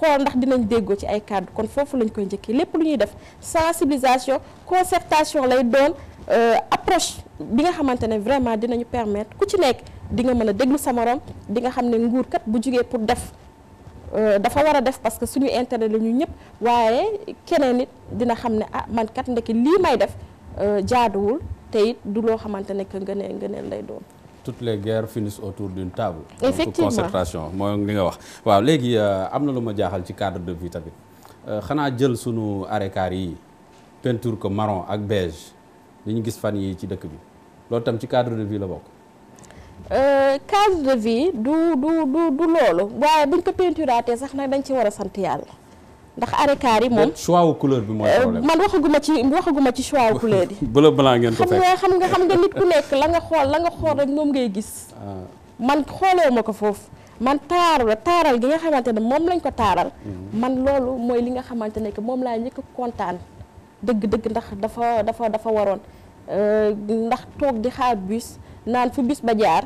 xool ndax dinañ déggoo ci ay kàddu kon foofu lañ koy njëkkee lépp lu ñuy def sensibilisation concertation lay doon euh, approche bi nga xamante ne vraiment dinañu permettre ku ci nekk di nga mëna déglu sa morom di nga xamné nguur kat bu jugee pour def euh, dafa wara def parce que suñu intérêt la ñu ñëpp waaye keneen nit dina xamné ah man kat ndeki li may def euh, jaaduwul te it du loo xamante ne que ngëneel lay doon. toutes les guerres finissent autour d'une table. effectivement donc concentration mooy li nga wax waaw légui euh, amna luma jaaxal ci cadre de vie xana jël sunu arécar yi peinture ko marron ak beige li gis fan yi ci dëkk bi lo tam ci cadre de vie la bokk. Euh, cadre de vie du du du du loolu waaye buñ ko peinturaatee sax nag dañ ci war a sant yàlla ndax arekaar yi moom couleur bi mooy euh, man waxaguma ci waxaguma ci choix wu couleur yi bleu blanc ngeen ko fekk xam nga xam nga nit ku nekk la nga xool la nga xool rek moom ngay gis ah. man xoolee ma ko foofu man taar taaral gi nga xamante ne moom lañ ko taaral mm-hmm. man loolu mooy li nga xamante ne que moom laa njëkk kontaan dëgg-dëgg ndax dafa dafa dafa waroon euh, ndax toog di xaar bus naan fu bis ba jaar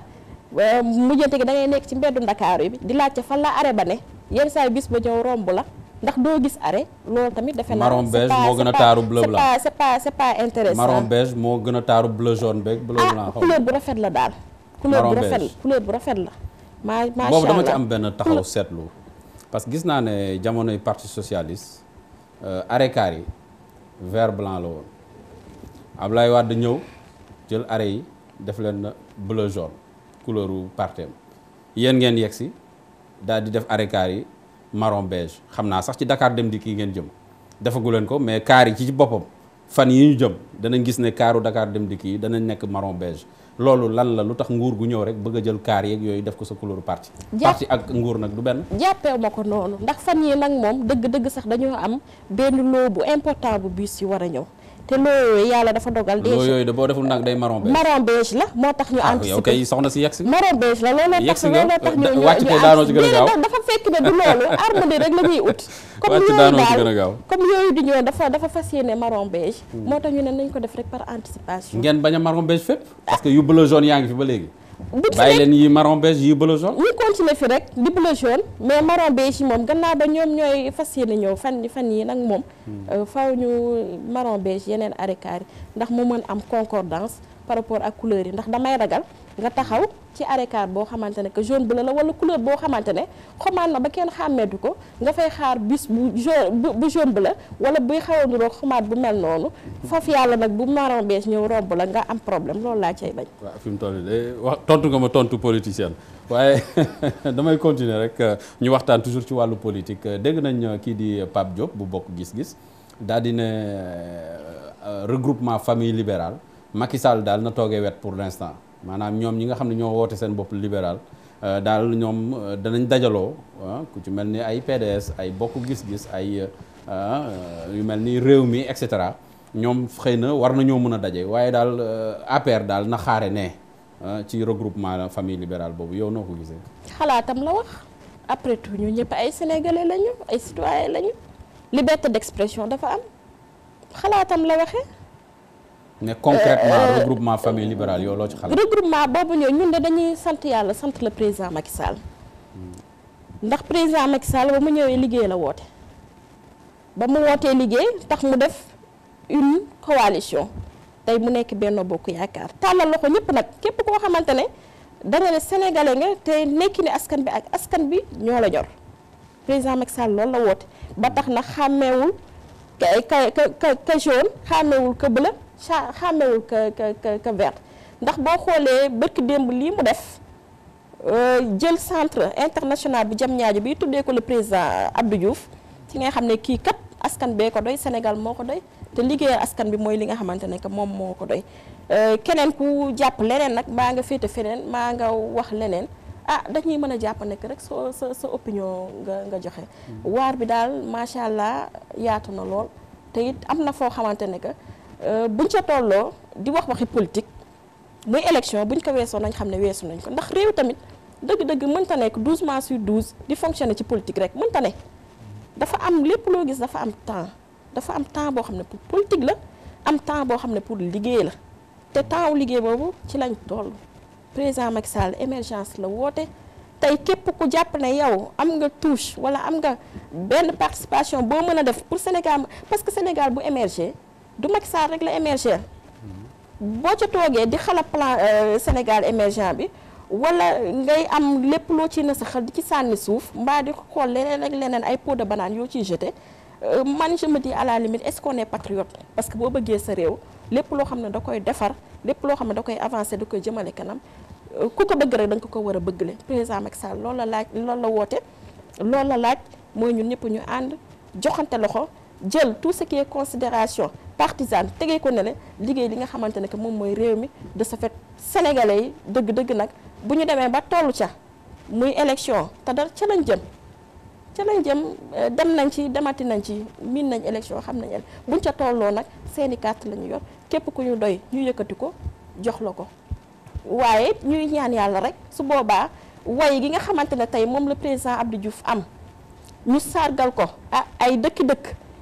euh, mujjante gi da ngay nekk ci mbeddu ndakaaru yi di laajte fan la arrêt ba ne yenn saa bis ba ñëw romb la ndax doo gis arrêt loolu tamit defe naa marron beige moo gën a taaru bleu blanc c'est pas c'est pas intéressant marron a taaru bleu jaune beeg bleu ah, blanc ah couleur bu rafet la daal couleur bu rafet la couleur maa macha allah boobu dama ci am benn taxaw seetlu parce que gis naa ne jamonoy parti socialiste euh, arrêt car yi vert blanc la woon Ablaye Wade ñëw jël arrêt yi def len bleu jaune couleuru partem yen ngeen yeksi dal di def arrêt yi marron beige xamna sax ci Dakar dem di ki ngeen jëm defagu leen ko mais car yi ci bopam fan yi ñu jëm gis ne caru Dakar dem di da danañ nek marron beige lolu lan la lutax nguur gu ñew rek bëgg jël car yi ak yoy def ko sa couleur parti parti ak nguur nak du ben jappé ma nonu ndax fan yi nak mom deug deug sax dañu am benn lo bu important bu ci wara ñew te loolu yàlla dafa dogal. déjà loolu boo deful nag day marron beige. marron la moo tax ñu. Ah, anticiper yow kay soxna si yegg si. marron beige la looloo tax looloo tax ñu ñu wàcc kay daanoo ci gën a gaaw dafa a comme yooyu di ñëw dafa dafa fas yéene marron beige. Hmm. moo tax ñu ne nañ ko def rek par anticipation. ngeen bañ a marron beige fépp. parce que yu bleu jaune yaa ngi fi ba léegi. Nous yi marron beige yi jaune continuer fi rek mais marron beige mom ganna ba fan fan yi hmm. euh, ñu marron beige yenen am concordance par rapport ak couleur yi ndax damay ragal nga taxaw ci arrêt boo xamante ne que jaune bleu la wala couleur boo xamante ne xomaan na ba kenn xàmmeetu ko nga fay xaar bis bu jaune bu jaune bleu wala buy xaw a niroog xomaat bu mel noonu faf yàlla nag bu marron bees ñëw romb la nga am problème loolu laa cay bañ. waaw fi mu toll nii wax tontu nga ma tontu politicien waaye damay continuer rek euh, ñu waxtaan toujours ci wàllu politique euh, dégg nañ euh, kii di Pape Diop bu bokk gis-gis daal di ne regroupement famille libérale. Macky Sall dal na toogee wet pour l'instant instant ñom ñi nga xamni ñoo woté seen bop libéral euh, dal ñom euh, dañu dajalo ah, ku ci melni ni ay PDS ay bokku gis-gis ay ah, euh, yu melni ni mi et cetera ñom xeyna war nañoo mën a daje waaye dal APR dal na xaré ne ah, ci regroupement famille libérale bobu yow noko gisé xalaatam la wax après tout ñu ñëpp ay sénégalais lañu ay citoyens lañu liberté d'expression dafa am xalaatam la waxé mais concrètement regroupement famille libérale yow loo ci xalaat. regroupement boobu ñun ñun de dañuy sant yàlla sant la président Macky Sall. ndax président Macky Sall ba mu ñëwee liggéey la woote. ba mu wootee liggéey tax mu def une coalition tey mu nekk Benno Bokk Yaakaar tàllal loxo ñëpp nag képp koo xamante ne danga ne sénégalais nga te nekki ni askan bi ak askan bi ñoo la ñor président Macky Sall loolu la woote ba tax na xàmmeewul ka ka ka jaune xàmmeewul ka bleu. ca xàmmewul ka ka ka verte ndax boo xoolee bërki démb lii mu def euh, jël centre international bu jam ñaajo bi tuddee ko le président Abdou Diouf ci nga xam ne kii kat askan bee ko doy Sénégal moo ko doy te liggéeyal askan bi mooy li nga xamante ne que moom moo ko doy euh, keneen ku jàpp leneen nag maa nga féete feneen maa nga wax leneen ah dañuy mën a jàpp nekk rek soo sa sa opinion nga joxe mm. waar bi daal macha allah yaatu na lool te it am na foo xamante ne que Euh, buñ ca tollo di wax waxi politique muy élection buñ ko weesoo nañ xamné wéssu nañ ko ndax réew tamit deug deug mën ta nek 12 mois sur 12 di fonctionner ci politique rek mën ta ne dafa am lepp lo gis dafa am temps dafa am temps bo xamné pour politique la am temps bo xamné pour liggéey la té temps wu bobu ci lañ tollu président Macky Sall émergence la woté tay képp ku japp né yow am nga touche wala am nga ben participation bo mëna def pour Sénégal parce que Sénégal bu émerger du Macky Sall rek la émerger bo ci togué di xala plan euh, Sénégal émergent bi wala ngay am lepp lépp loo ciy nasaxal di ci sanni souf mba di ko xool lenen ak lenen ay pots de banane yo ci jeté euh, man je me dis à la limite est-ce qu'on est patriote parce que bo beugé sa réew lepp lo xamné ne da koy defar lépp loo xam da koy avancer da koy jëmalé kanam euh, ku ko bëgg rek da nga ko wara a bëggale président Macky Sall lool la laaj loolu la woté lool la laaj moy ñun ñëpp ñu and joxanté loxo tout ce qui est considération partisane ko que réew mi de sénégalais deug deug nak buñu démé ba tollu élection ta ci lañ jëm ci lañ jëm euh, dem nañ ci demati nañ ci min nañ élection xam buñ carte yor képp doy ñu ko jox la ko ñuy président Abdou Diouf am ñu sargal ko ah, ay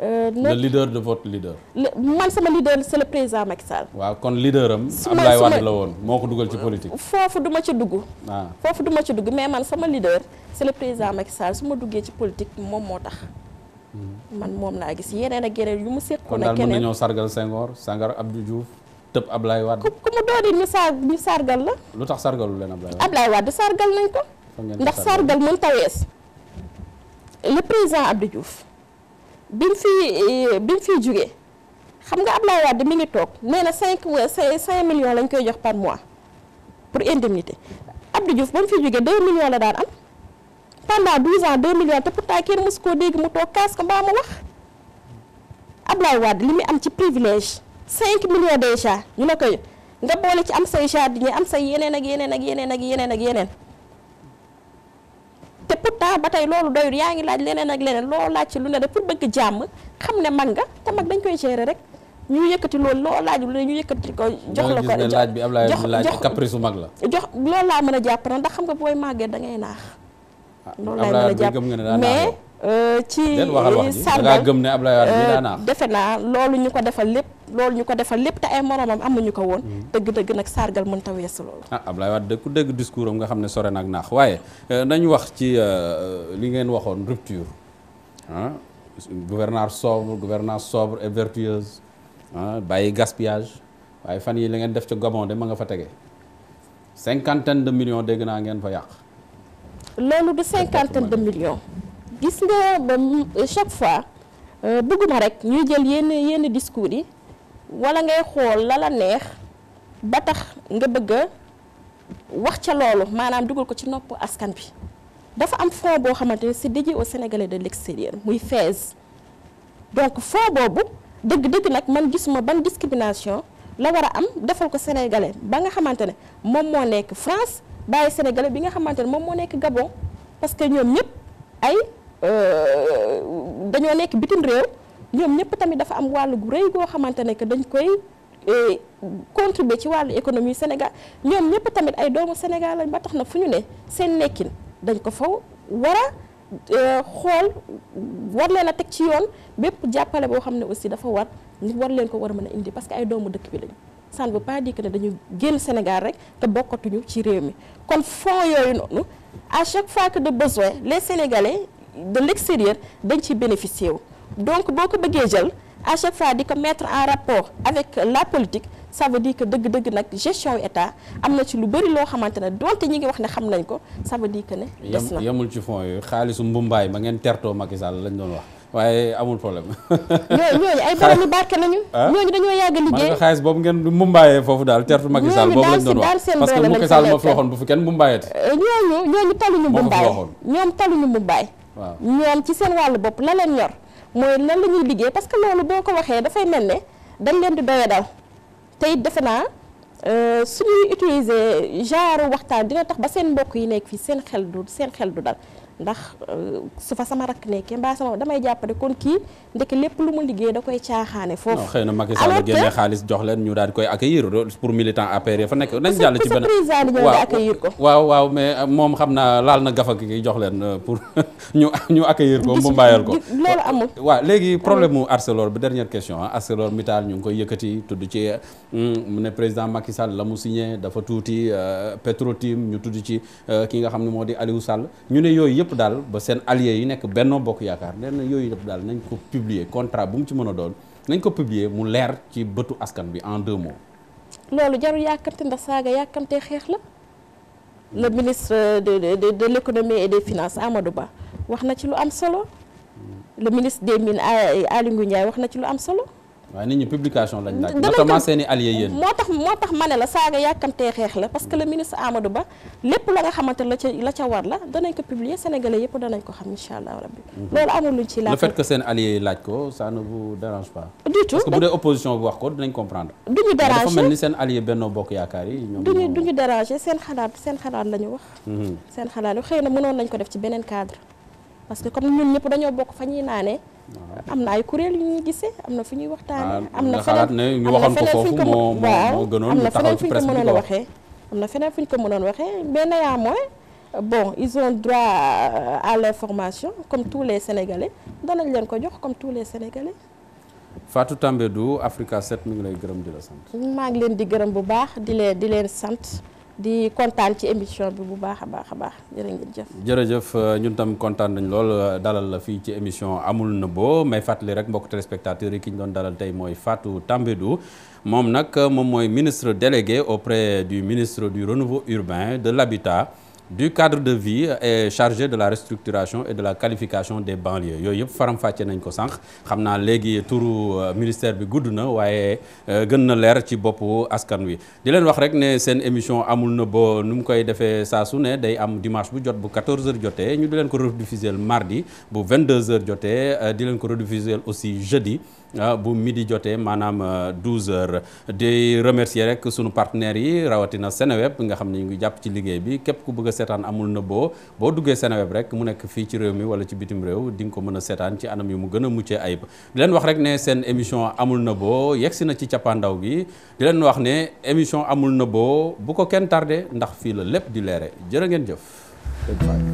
Euh, Le leader de votre leader. man sama leader c'est le président Macky Sall. waaw kon leader am. Abdoulaye Wade la won. Moko dougal ci politique. Fofu du ci dougu. waaw foofu du ci dougu, ah. mais man sama leader c'est le président Macky Sall Suma dougué ci politique mom motax. tax. Mm-hmm. man mom la gis yeneen ak yeneen yu mu seet. kon dal mën ñoo sargal Senghor sangar Abdou Diouf tepp Abdoulaye Wade. ku ku mu doon ñu sar ñu sargal la. Lutax sargal lu len Abdoulaye Wade. Abdoulaye Wade sargal nañ ko. ndax sargal mënta wees. le président Abdou Diouf. bi mu fi eh, bi mu fiy jugee xam nga Ablaye Wade mi ngi toog nee na cinq cinq millions lañ koy jox par mois pour indemnité Abdou Diouf ba mu fi jugee deux millions la daan am pendant douze ans deux millions te pourtant kenn mësu koo dégg mu toog kaas ko mbaa mu wax Ablaye Wade li muy am ci privilège cinq millions déjà ñu la koy nga boole ci am say jardinier am say yeneen ak yeneen ak yeneen ak yeneen ak yeneen te pourtant ba tey loolu doyul yaa ngi laaj leneen ak leneen loo laaj ci lu ne rek pour bëgg jàmm xam ne mag nga te mag dañ koy gérer rek ñu yëkkati loolu loo laaj lu ne ñu yëkkati ko jox la ko laaj bi Ablaye laaj caprice su mag la jox loolu laa mën a jàpp na ndax xam nga booy màggee da ngay naax ah, loolu laa mën a jàpp mais Euh, ci sargal gëm ne Abdoulaye Wade bi daanaa euh, defe naa loolu ñu ko defal lépp loolu ñu ko defal lépp te ay moromam amuñu ko woon mm. dëgg-dëgg nag sargal mën ta weesu loolu ah Abdoulaye Wade ku dégg nga xam ne sore nag naax waaye euh, nañu wax ci li ngeen waxoon rupture ah gouvernance sobre gouvernance sobre et ah, bàyyi gaspillage waaye fan yi la ngeen def ca Gabon de ma nga fa tege cinquantaine de millions dégg naa ngeen fa yàq loolu du cinquantaine de millions gis nga ba euh, chaque fois euh, bëgguma rek ñuy jël yenn yenn discours yi wala ngay xool la neex ba tax nga bëgg wax ca loolu maanaam dugal ko ci noppu askan bi dafa am fonds boo xamante ne c'est dédié aux Sénégalais de l'extérieur muy FAISE donc fonds boobu dëgg-dëgg nag man gisuma ban discrimination la war a am defal ko sénégalais ba nga xamante ne moom moo nekk France bàyyi sénégalais bi nga xamante ne moom moo nekk Gabon parce que ñoom ñëpp ay Euh, dañoo nekk bitim réew ñoom ñëpp tamit dafa am wàll gu rëy goo xamante ne que dañ koy eh, contribuer ci wàllu économie Sénégal ñoom ñëpp tamit ay doomu Sénégal lañ ba tax na fu ñu ne seen nekkin dañ ko faw war a euh, xool war leen a teg ci yoon bépp jàppale boo xam ne aussi dafa war nit war leen ko war a mën a indi parce que ay doomu dëkk bi lañu ça ne veut pas dire que ne dañu génn Sénégal rek te bokkatuñu ci réew mi kon fonds yooyu noonu à chaque fois que de besoin les Sénégalais de l'extérieur dañ bénéficier donc boo ko bëggee à chaque fois di mettre en rapport avec la politique ça veut dire que deug deug nak gestion état amna ci lu bëri lo xamantene ne donte ñi ngi wax ne xam nañ ko ça veut dire que ne yamul ci fond yooyu xaalisu mbumbaay ma ngeen tertoo Macky Sall lañ doon wax waye amul problème ñoo ñooñu ay borom yu barké nañu ñoo ah? ñooñu dañoo yàgg liggéey nga xaalis bobu ngeen mumbaayee foofu daal tertu Macky Sall bobu lañ doon wax parce que Macky Sall moo fi waxoon bu fi kenn mumbaayati eh, ñooñu ñooñu taluñu mumbaay ñoom ñu mumbaay waaw ñoom ci seen wàll bopp la leen ñor mooy lan la ñuy liggéey parce que loolu boo ko waxee dafay mel ne dañ leen di doye dal tey it defe naa euh, suñuy utiliser genre waxtaan dina tax ba seen mbokk yi nekk fii seen xel du seen xel du dal ndax euh, su fa sama rakk nekkee mbaa sama damay jàppale kon kii ndeke lépp lu ma liggéey da koy caaxaane foofu xëy na Macky Sall génne xaalis jox leen ñu daal koy accueillir pour militant APR ya fa nekk nañ jàll ci benn ko waaw waaw mais moom xam naa laal na gafa gi jox leen euh, pour ñu ñu accueillir ko mu mbayal ko loolu amul waaw léegi problème mu Arcelor bi dernière question ah Arcelor ñu ngi koy yëkkati tudd ci hmm, mu ne président Macky Sall la mu signé dafa tuuti euh, Petro-Tim ñu tudd ci ki nga xam ne moo di Aliou Sall ñu ne yooyu yëpp daal ba seen allié yi nekk Benno Bokk Yaakaar nee na yooyu yëpp daal nañ ko publier contrat bu mu ci mën a doon nañ ko publier mu leer ci bëtu askan bi en deux mots. loolu jarul yàkkamte ndax saaga yàkkamtee xeex la le ministre de de de l' économie et des finances Amadou Ba wax na ci lu am solo le ministre des mines Aly Ngouille Ndiaye wax na ci lu am solo waaye nit publication lañ laaj notamment seen i alliés yéen moo tax moo tax ma ne la saaga yàkkamtee xeex la parce que le ministre Amadou Ba lépp la nga xamanté la ca la ca war la danañ ko publier sénégalais yëpp danañ ko xam insha rabbi mhm. loolu amul luñ ci la le fait que sen alliés laj ko ça ne vous dérange pas du tout parce que bu dee opposition bu wax ko dinañ comprendre duñu déranger dafa mel ni seen allié Benno Bokk Yaakaar yi ñoom duñu duñu déranger sen xalaat sen xalaat lañu wax mhm. sen xalaat yu xëy na mënoon nañ ko def ci benen cadre parce que comme ñun ñëpp dañoo bokk fa nané amna ay kuréel ñuy gissé amna na fu ñuy waxtaanee. am na feneen ñu waxoon ko fofu mo mo gënoon ñu taxaw ci presse bi ko waxee ko mënon waxé mais ya mooy bon ils ont droit euh, à l'information comme tous les sénégalais danañ leen ko jox comme tous les sénégalais. Fatou Tambedou, Africa 7 mi ngi lay gërëm di la santé. maa ngi leen di gërëm bu baax di leen di leen sant di kontaan ci émission bi bu baax a baax a baax jërë ngeen jëf. jërëjëf euh, ñun tam kontaan nañ lool euh, dalal la fi ci émission amul bo may fàttali rek mbokk téléspectateurs yi ki ñu doon dalal tay mooy Fatou Tambedou moom nak moom mooy ministre délégué auprès du ministre du renouveau urbain de l'habitat du cadre de vie est chargé de la restructuration et de la qualification des banlieues yooyu yëpp faram-fàccee nañ ko sank xamna légui touru euh, ministère bi gudd na waaye euh, gën na lèr ci boppu askan wi. di len wax rek ne sen émission amul na bo num koy défé sa su day am dimanche bu jot bu 14h joté ñu di len ko rediffuser mardi bu 22h joté euh, di len ko rediffuser aussi jeudi. Ah, bu midi joté manam 12h de remercier rek suñu partenaire yi rawatina Seneweb nga xamni ne ñu ngi jàpp ci liggéey bi képp ku bëgg sétane amul nebo boo duggé duggee Seneweb rek mu nekk fi ci réew mi wala ci bitim réew ding ko mëna sétane ci anam yu mu gëna muccé ayib di wax rek né sen émission amul nebo boo ci ciapandaw gi di wax né émission amul na bu ko kenn tardé ndax fi la lépp di leere jërë ngeen jëf.